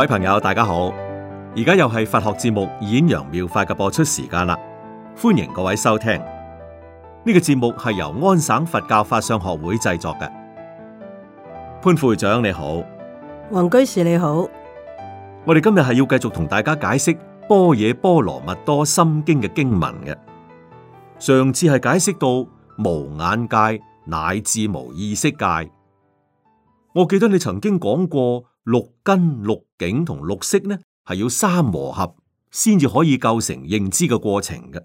各位朋友，大家好！而家又係佛學節目《演揚妙，妙法》嘅播出時間啦，歡迎各位收聽。呢、這個節目係由安省佛教法相學會製作嘅。潘副會長你好，黃居士你好，我哋今日係要繼續同大家解釋《般若波羅蜜多心經》嘅經文嘅。上次係解釋到無眼界乃至無意識界，我記得你曾經講過。六根、六境同六識呢，係要三和合先至可以構成認知嘅過程嘅。咁、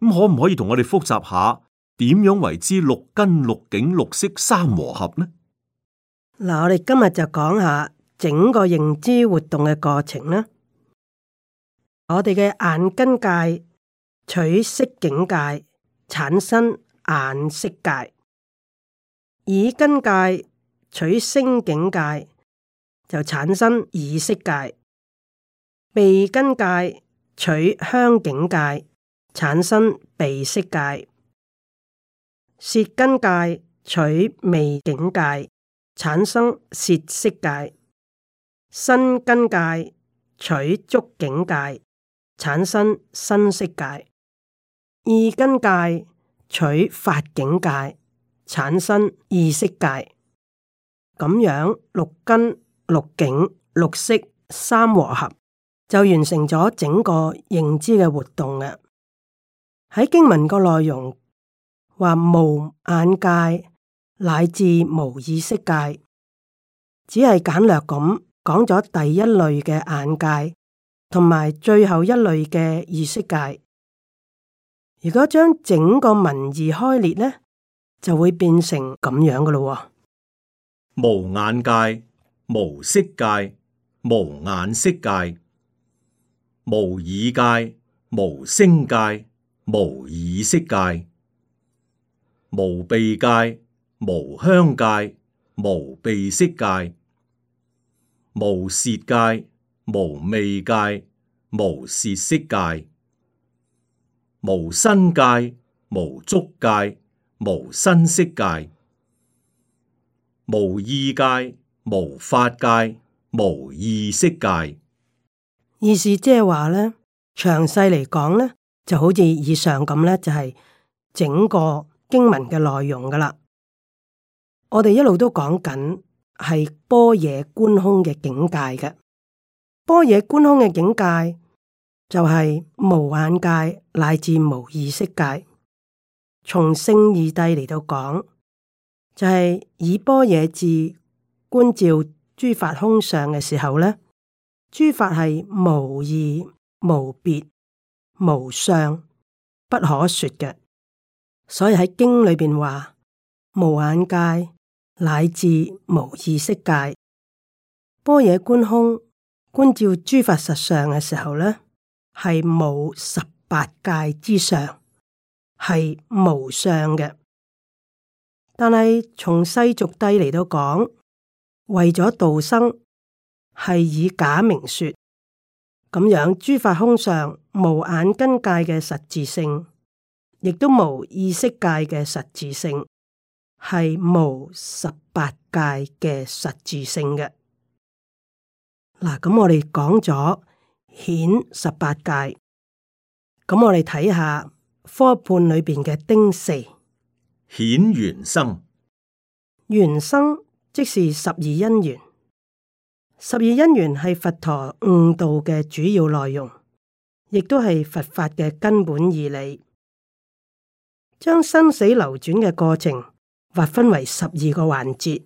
嗯、可唔可以同我哋復習下點樣為之六根、六境、六識三和合呢？嗱，我哋今日就講下整個認知活動嘅過程啦。我哋嘅眼根界取色境界產生眼識界，耳根界取聲境界。就產生意識界，鼻根界取香境界產生鼻識界，舌根界取味境界產生舌識界，身根界取觸境界產生身識界，意根界取法境界產生意識界，咁樣六根。六境、六色三和合，就完成咗整個認知嘅活動嘅。喺經文個內容，話無眼界乃至無意識界，只係簡略咁講咗第一類嘅眼界，同埋最後一類嘅意識界。如果將整個文字開裂呢，就會變成咁樣嘅咯。無眼界。無色界，無眼色界，無耳界，無聲界，無耳色界，無鼻界，無香界，無鼻色界，無舌界，無味界，無舌色界，無身界，無觸界，無身色界，無意界。無法界、無意識界，意思即係話咧，詳細嚟講咧，就好似以上咁咧，就係整個經文嘅內容噶啦。我哋一路都講緊係般若觀空嘅境界嘅，般若觀空嘅境界就係無眼界乃至無意識界。從聖義諦嚟到講，就係以般若字。觀照諸法空相嘅時候咧，諸法係無異、無別、無相，不可說嘅。所以喺經裏邊話無眼界，乃至無意識界。般若觀空，觀照諸法實相嘅時候咧，係無十八界之上，係無相嘅。但係從世俗諦嚟到講。為咗道生，係以假名說，咁樣，諸法空相，無眼根界嘅實質性，亦都無意識界嘅實質性，係無十八界嘅實質性嘅。嗱，咁我哋講咗顯十八界，咁我哋睇下科判裏邊嘅丁四顯原生，原生。即是十二因緣，十二因緣係佛陀悟道嘅主要內容，亦都係佛法嘅根本義理。將生死流轉嘅過程劃分為十二個環節，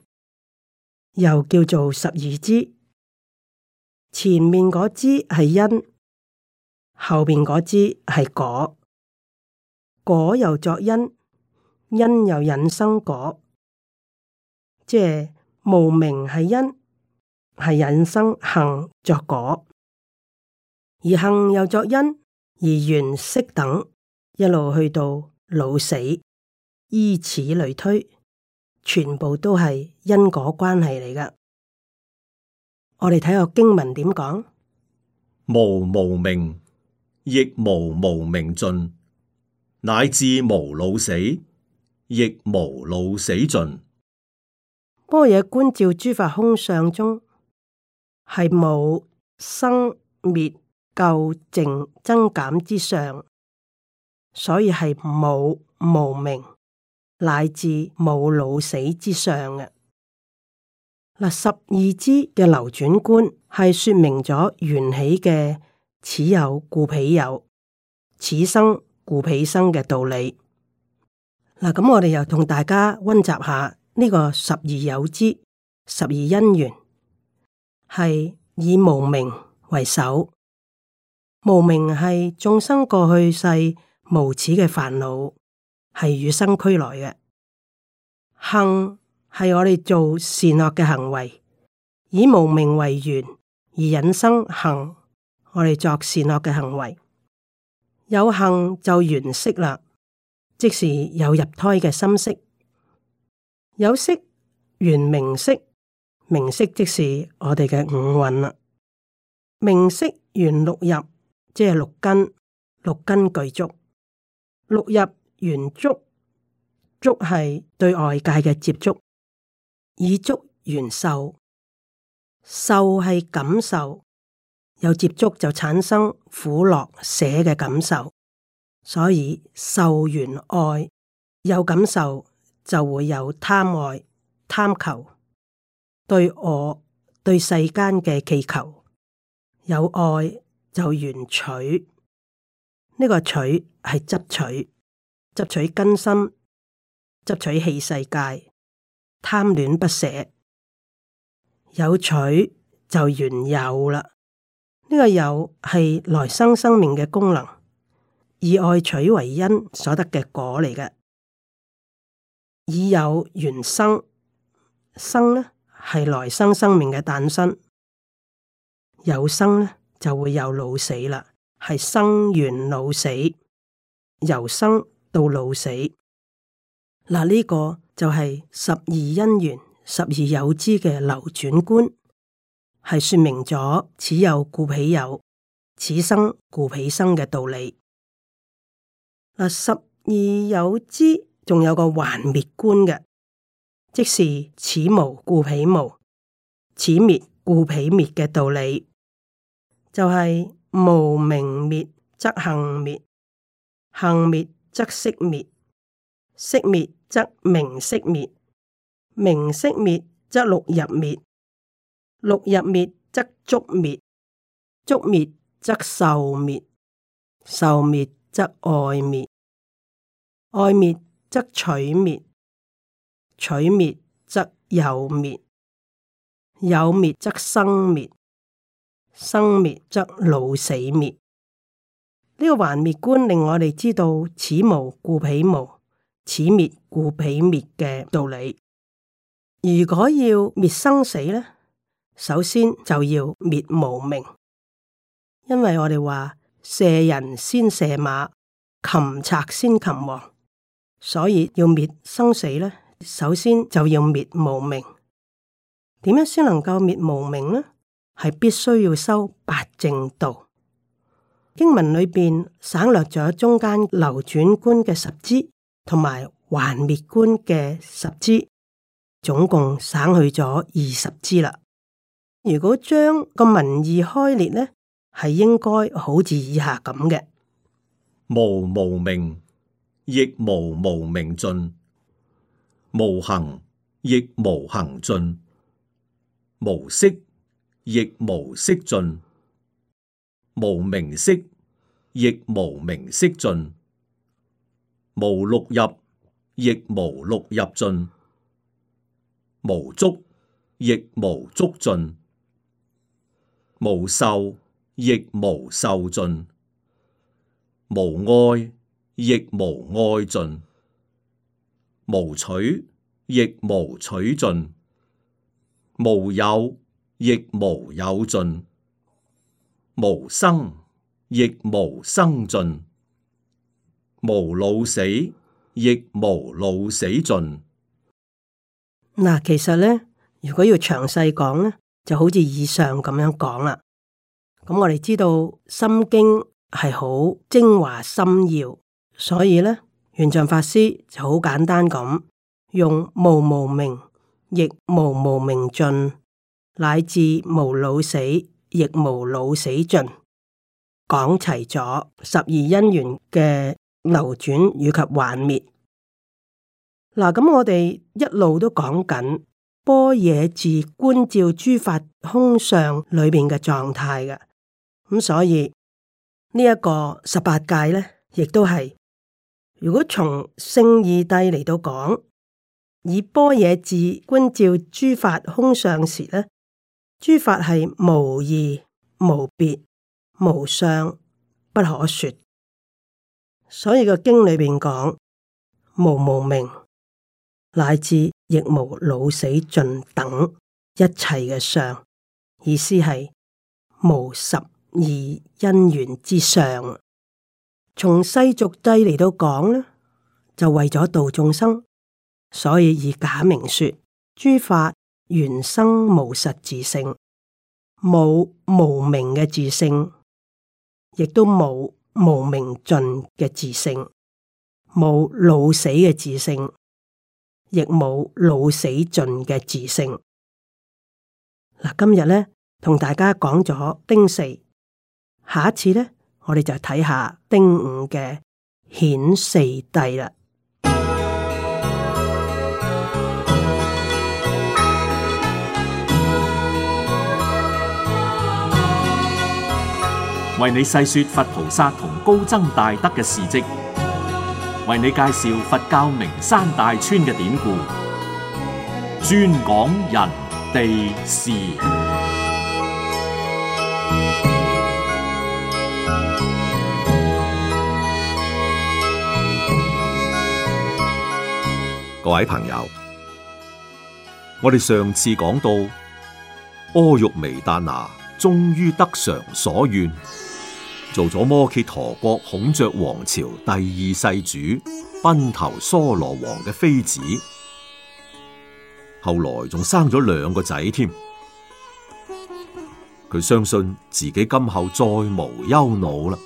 又叫做十二支。前面嗰支係因，後面嗰支係果，果又作因，因又引生果，即係。無明係因，係引生行作果，而行又作因，而緣識等一路去到老死，依此類推，全部都係因果關係嚟㗎。我哋睇個經文點講：無無明，亦無無明盡；乃至無老死，亦無老死盡。般若也觀照諸法空相中，係冇生滅、垢淨增減之相，所以係冇無明，乃至冇老死之相嘅。嗱，十二支嘅流轉觀係說明咗緣起嘅此有故彼有，此生故彼生嘅道理。嗱，咁我哋又同大家溫習下。呢個十二有支，十二因緣，係以無明為首。無明係眾生過去世無始嘅煩惱，係與生俱來嘅。行係我哋做善惡嘅行為，以無明為緣而引生行。我哋作善惡嘅行為，有行就緣識啦，即是有入胎嘅心識。有識緣名色，名色即是我哋嘅五蘊啦。名色緣六入，即係六根，六根具足。六入緣觸，觸係對外界嘅接觸，以觸緣受，受係感受。有接觸就產生苦樂捨嘅感受，所以受緣愛，有感受。就會有貪愛、貪求，對我對世間嘅祈求，有愛就緣取，呢、這個取係執取，執取根身，執取器世界，貪戀不捨，有取就緣有啦，呢、這個有係來生生命嘅功能，以愛取為因所得嘅果嚟嘅。已有緣生，生呢，係來生生命嘅誕生，有生呢，就會有老死啦，係生緣老死，由生到老死，嗱呢、這個就係十二因緣、十二有支嘅流轉觀，係說明咗此有故彼有，此生故彼生嘅道理。嗱，十二有支。仲有個還滅觀嘅，即是此無故彼無，此滅故彼滅嘅道理，就係、是、無明滅則行滅，行滅則識滅，識滅則名色滅，名色滅則六入滅，六入滅則觸滅，觸滅則受滅，受滅則愛滅，愛滅，則取滅，取滅則有滅，有滅則生滅，生滅則老死滅。呢、這個還滅觀令我哋知道此無故彼無，此滅故彼滅嘅道理。如果要滅生死咧，首先就要滅無明，因為我哋話射人先射馬，擒賊先擒王。所以要滅生死咧，首先就要滅無明。點樣先能夠滅無明呢？係必須要修八正道。經文裏邊省略咗中間流轉觀嘅十支，同埋還滅觀嘅十支，總共省去咗二十支啦。如果將個文意開列咧，係應該好似以下咁嘅無無明。」亦無無明盡，無行亦無行盡，無識亦無識盡，無名色亦無名色盡，無六入亦無六入盡，無足亦無足盡，無受亦無受盡，無愛。亦無愛盡，無取亦無取盡，無有亦無有盡，無生亦無生盡，無老死亦無老死盡。嗱，其實咧，如果要詳細講咧，就好似以上咁樣講啦。咁、嗯、我哋知道《心經》係好精華心要。所以呢，玄奘法師就好簡單咁，用無無明亦無無明盡，乃至無老死亦無老死盡，講齊咗十二因緣嘅流轉以及還滅。嗱，咁我哋一路都講緊般若智觀照諸法空相裏邊嘅狀態嘅，咁、嗯、所以呢一個十八界咧，亦都係。如果從聖義諦嚟到講，以般若智觀照諸法空相時咧，諸法係無異、無別、無相、不可說。所以個經裏邊講無無明，乃至亦無老死盡等一切嘅相，意思係無十二因緣之相。從世俗諦嚟到講咧，就為咗度眾生，所以以假名說諸法原生無實自性，冇無，無明嘅自性，亦都冇無，無明盡嘅自性，冇老死嘅自性，亦冇老死盡嘅自性。嗱，今日咧同大家講咗丁四，下一次咧。我哋就睇下丁午嘅顯四帝啦，為你細說佛菩薩同高僧大德嘅事跡，為你介紹佛教名山大川嘅典故，專講人地事。各位朋友，我哋上次講到，阿玉微丹娜終於得償所願，做咗摩羯陀國孔雀王朝第二世主奔頭梭羅王嘅妃子，後來仲生咗兩個仔添。佢相信自己今後再無憂惱啦，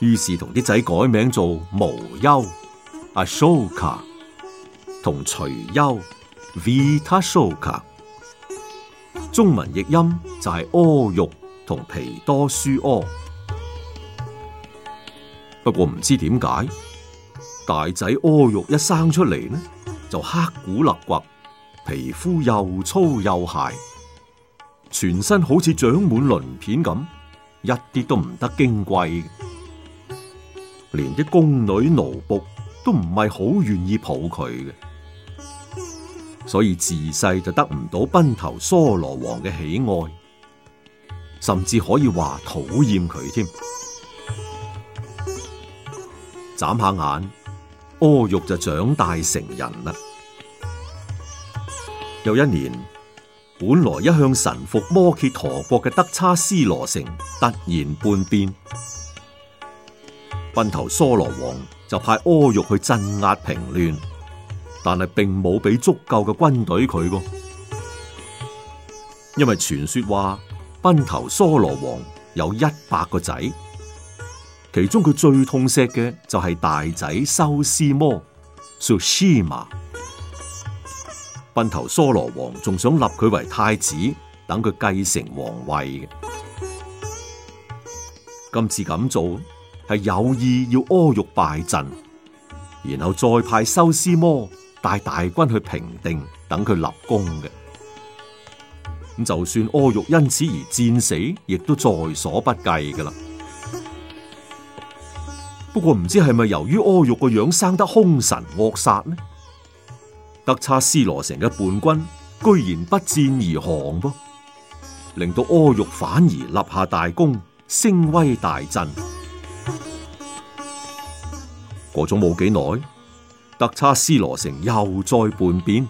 於是同啲仔改名做無憂阿蘇卡。同徐憂 Vita Soka 中文譯音就係、是、「柯肉」同皮多舒柯。不過唔知點解，大仔柯肉一生出嚟呢，就黑古立骨，皮膚又粗又鞋，全身好似長滿鱗片咁，一啲都唔得矜貴，連啲宮女奴僕都唔係好願意抱佢嘅。所以自細就得唔到奔頭娑羅王嘅喜愛，甚至可以話討厭佢添。眨下眼，阿育就長大成人啦。有一年，本來一向臣服摩羯陀國嘅德差斯羅城突然叛變，奔頭娑羅王就派阿育去鎮壓平亂。但係並冇俾足夠嘅軍隊佢喎，因為傳說話，賓頭娑羅王有一百個仔，其中佢最痛惜嘅就係大仔修斯摩、蘇斯馬。賓頭娑羅王仲想立佢為太子，等佢繼承皇位。今次咁做係有意要阿育敗陣，然後再派修斯摩，帶大軍去平定，等佢立功嘅。咁就算柯玉因此而戰死，亦都在所不計噶啦。不過唔知係咪由於柯玉個樣生得凶神惡煞呢？德差斯羅城嘅叛軍居然不戰而降噃，令到柯玉反而立下大功，聲威大震。過咗冇幾耐。德差斯羅城又再叛變，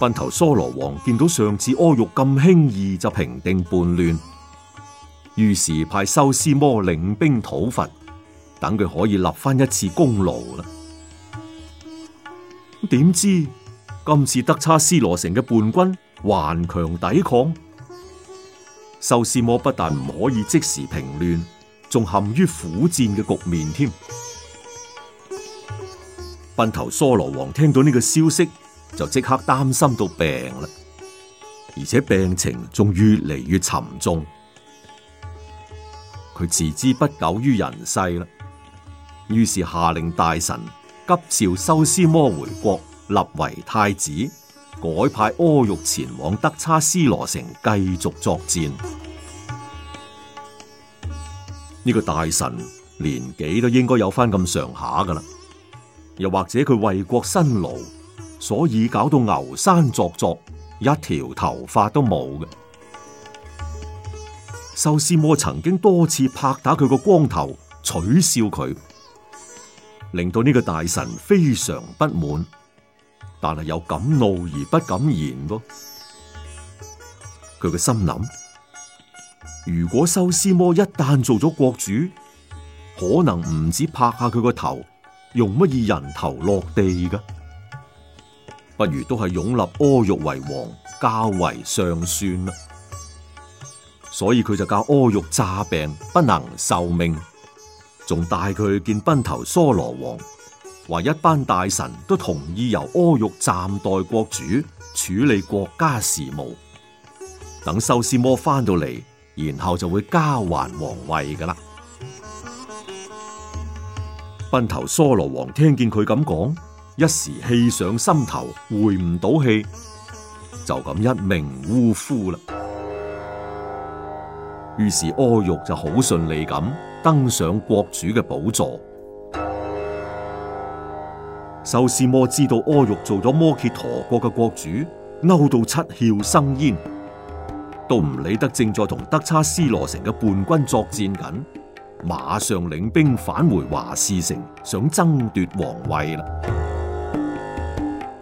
賓頭娑羅王見到上次阿育咁輕易就平定叛亂，於是派修斯摩領兵討伐，等佢可以立翻一次功勞啦。點知今次德差斯羅城嘅叛軍頑強抵抗，修斯摩不但唔可以即時平亂，仲陷於苦戰嘅局面添。賓頭娑羅王聽到呢個消息，就即刻擔心到病啦，而且病情仲越嚟越沉重，佢自知不久於人世啦，於是下令大臣急召修斯摩回國立為太子，改派阿育前往德差斯羅城繼續作戰。呢、這個大臣年紀都應該有翻咁上下噶啦。又或者佢為國辛勞，所以搞到牛山濯濯，一條頭髮都冇嘅。修斯摩曾經多次拍打佢個光頭，取笑佢，令到呢個大臣非常不滿。但係又敢怒而不敢言喎。佢嘅心諗：如果修斯摩一旦做咗國主，可能唔止拍下佢個頭。用乜嘢人頭落地噶？不如都係擁立阿育為王，交為上算啦。所以佢就教阿育詐病，不能受命，仲帶佢去見賓頭娑羅王，話一班大臣都同意由阿育暫代國主處理國家事務。等修斯摩翻到嚟，然後就會交還皇位噶啦。班頭娑羅王聽見佢咁講，一時氣上心頭，回唔到氣，就咁一命嗚呼啦。於是阿育就好順利咁登上國主嘅寶座。修司魔知道阿育做咗摩羯陀國嘅國主，嬲到七竅生煙，都唔理得，正在同德差斯羅城嘅叛軍作戰緊。馬上領兵返回華氏城，想爭奪皇位啦。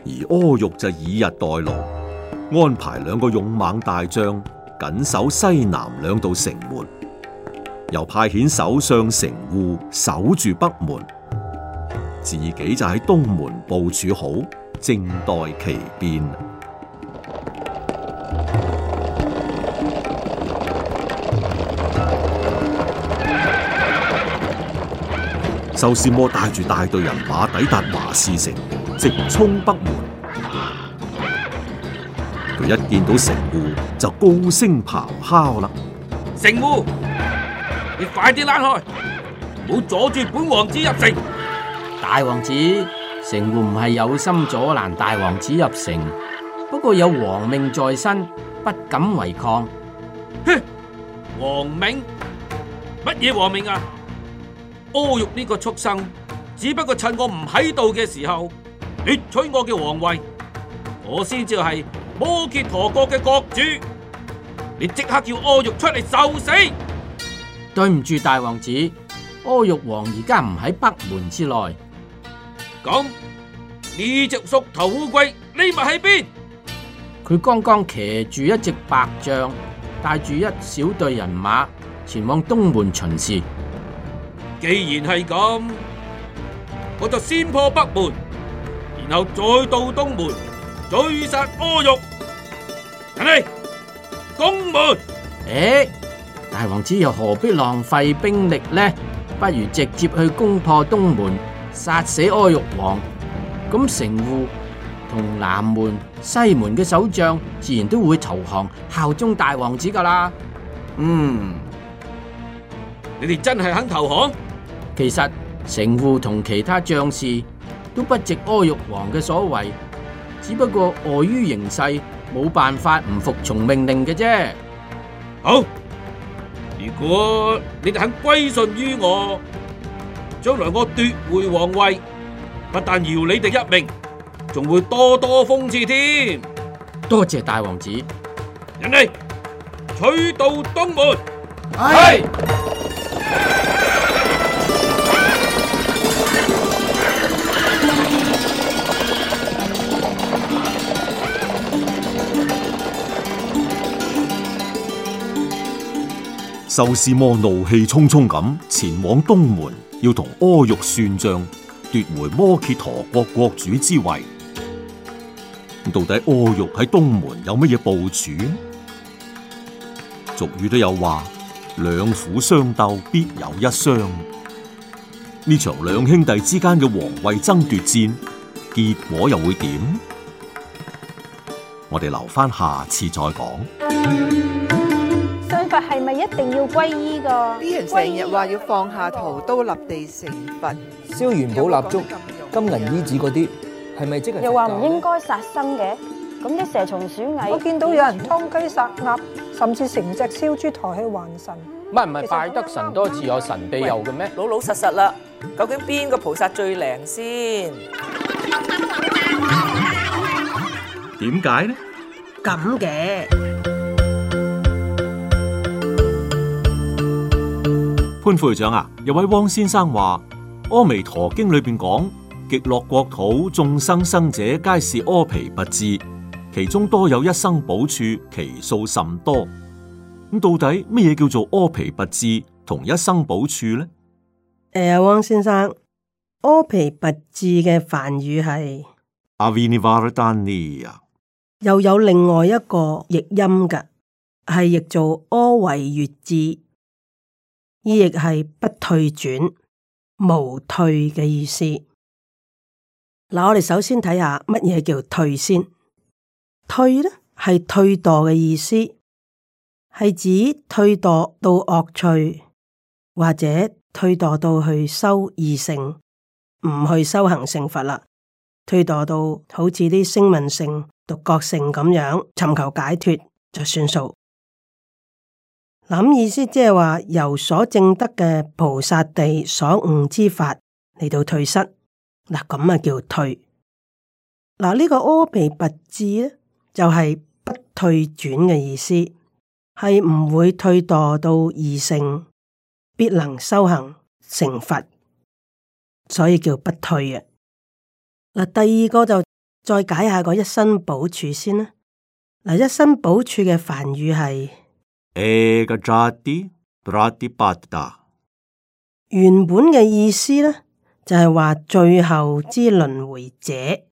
而阿育就以逸待勞，安排兩個勇猛大將緊守西南兩道城門，又派遣首相城戶守住北門，自己就喺東門部署好，靜待其變。修私摩帶住大隊人馬抵達華士城，直衝北門。佢一見到城戶就高聲咆哮啦：城戶，你快啲拉開，唔好阻住本王子入城！大王子，城戶唔係有心阻攔大王子入城，不過有皇命在身，不敢違抗。哼，皇命，乜嘢皇命啊？阿育呢個畜生，只不過趁我唔喺度嘅時候奪取我嘅皇位，我先至係摩揭陀國嘅國主。你即刻叫阿育出嚟受死！對唔住，大王子，阿育王而家唔喺北門之內。咁呢隻縮頭烏龜，匿埋喺邊？佢剛剛騎住一隻白象，帶住一小隊人馬前往東門巡視。既然係咁，我就先破北門，然後再到東門追殺阿育。嚟，攻門！誒，大王子又何必浪費兵力呢？不如直接去攻破東門，殺死阿育王。咁城戶同南門、西門嘅守將，自然都會投降效忠大王子噶啦。嗯，你哋真係肯投降？其實城戶同其他將士都不值阿育王嘅所為，只不過礙於形勢，冇辦法唔服從命令嘅啫。好，如果你哋肯歸順於我，將來我奪回皇位，不但饒你哋一命，仲會多多封賜添。多謝大王子。人哋取道東門。係。修斯魔怒氣冲冲咁前往東門，要同阿育算賬，奪回摩羯陀國國主之位。到底阿育喺東門有乜嘢部署？俗語都有話，兩虎相鬥，必有一傷。呢場兩兄弟之間嘅王位爭奪戰，結果又會點？我哋留翻下,下次再講。係咪一定要皈依噶？成日話要放下屠刀立地成佛，燒元寶蠟燭、金銀衣紙嗰啲，係咪即係？又話唔應該殺生嘅，咁啲蛇蟲鼠蟻，我見到有人劏雞殺鴨，甚至成隻燒豬抬去還神。唔係唔係，拜得神多自有神庇佑嘅咩？老老實實啦，究竟邊個菩薩最靈先？點解呢？咁嘅。潘副處長啊，有位汪先生話《阿彌陀經》裏邊講極樂國土眾生生者，皆是阿鞞跋致，其中多有一生補處，其數甚多。咁到底乜嘢叫做阿鞞跋致，同一生補處咧？誒、呃，汪先生，阿鞞跋致嘅梵語係阿維尼瓦爾丹尼啊，又有另外一個譯音嘅，係譯做阿惟越致。亦亦係不退轉、無退嘅意思。嗱,我哋首先睇下乜嘢叫退先？退呢係退墮嘅意思，係指退墮到惡趣，或者退墮到去修二乘，唔去修行成佛啦，退墮到好似啲聲聞乘、獨覺乘咁樣，尋求解脱就算數。咁意思即係話由所證得嘅菩薩地所悟之法嚟到退失。嗱咁啊叫退。嗱、這、呢個阿鞞跋致咧就係、是、不退轉嘅意思，係唔會退墮到二乘，必能修行成佛，所以叫不退啊。嗱第二個就再解下嗰一生補處先啦。嗱一生補處嘅梵語係。原本嘅意思呢，就係話最後之輪迴者，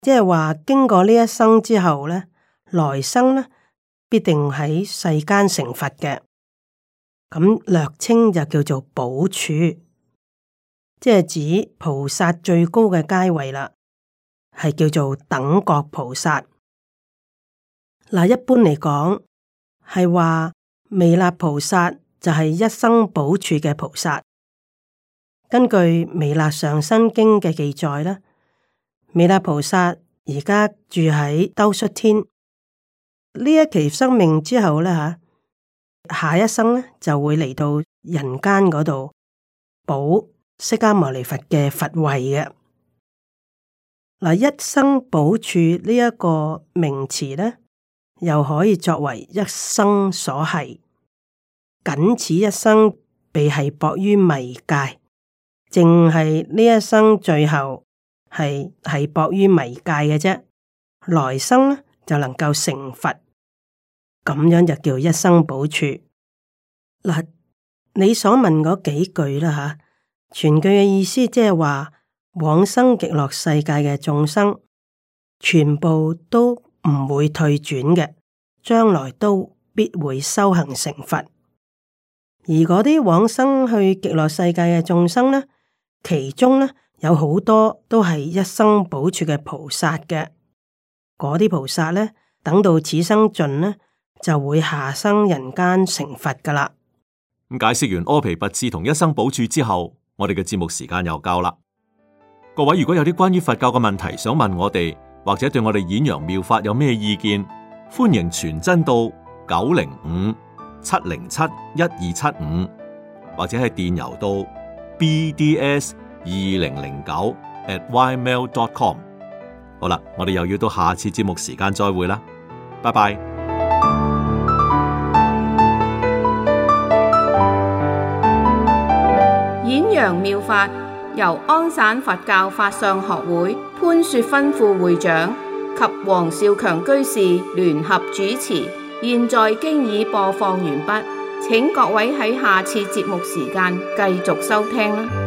即係話經過呢一生之後呢，來生呢必定喺世間成佛嘅。咁略稱就叫做補處，即係指菩薩最高嘅階位啦，係叫做等覺菩薩。嗱，一般嚟講。係話彌勒菩薩就係一生補處嘅菩薩，根據《彌勒上生經》嘅記載呢，彌勒菩薩而家住喺兜率天，呢一期生命之後呢，吓，下一生咧就會嚟到人間嗰度補釋迦牟尼佛嘅佛位嘅。嗱，一生補處呢一個名詞呢。又可以作為一生所繫，僅此一生被繫縛於迷界，淨係呢一生最後係繫縛於迷界嘅啫，來生呢，就能夠成佛，咁樣就叫一生補處。嗱，你所問嗰幾句啦吓，全句嘅意思即係話往生極樂世界嘅眾生，全部都。唔會退轉嘅，將來都必會修行成佛。而嗰啲往生去極樂世界嘅眾生呢，其中呢有好多都係一生補處嘅菩薩嘅。嗰啲菩薩呢，等到此生盡呢，就會下生人間成佛噶啦。解釋完阿鞞跋致同一生補處之後，我哋嘅節目時間又夠啦。各位如果有啲關於佛教嘅問題想問我哋，或者對我哋演揚妙法有咩意見？歡迎傳真到九零五七零七一二七五，75，或者係電郵到 bds 二零零九 @ymail.com。好啦，我哋又要到下次節目時間再會啦，拜拜。演揚妙法由安省佛教法相學會潘雪芬副會長及黃少強居士聯合主持，現在經已播放完畢，請各位喺下次節目時間繼續收聽。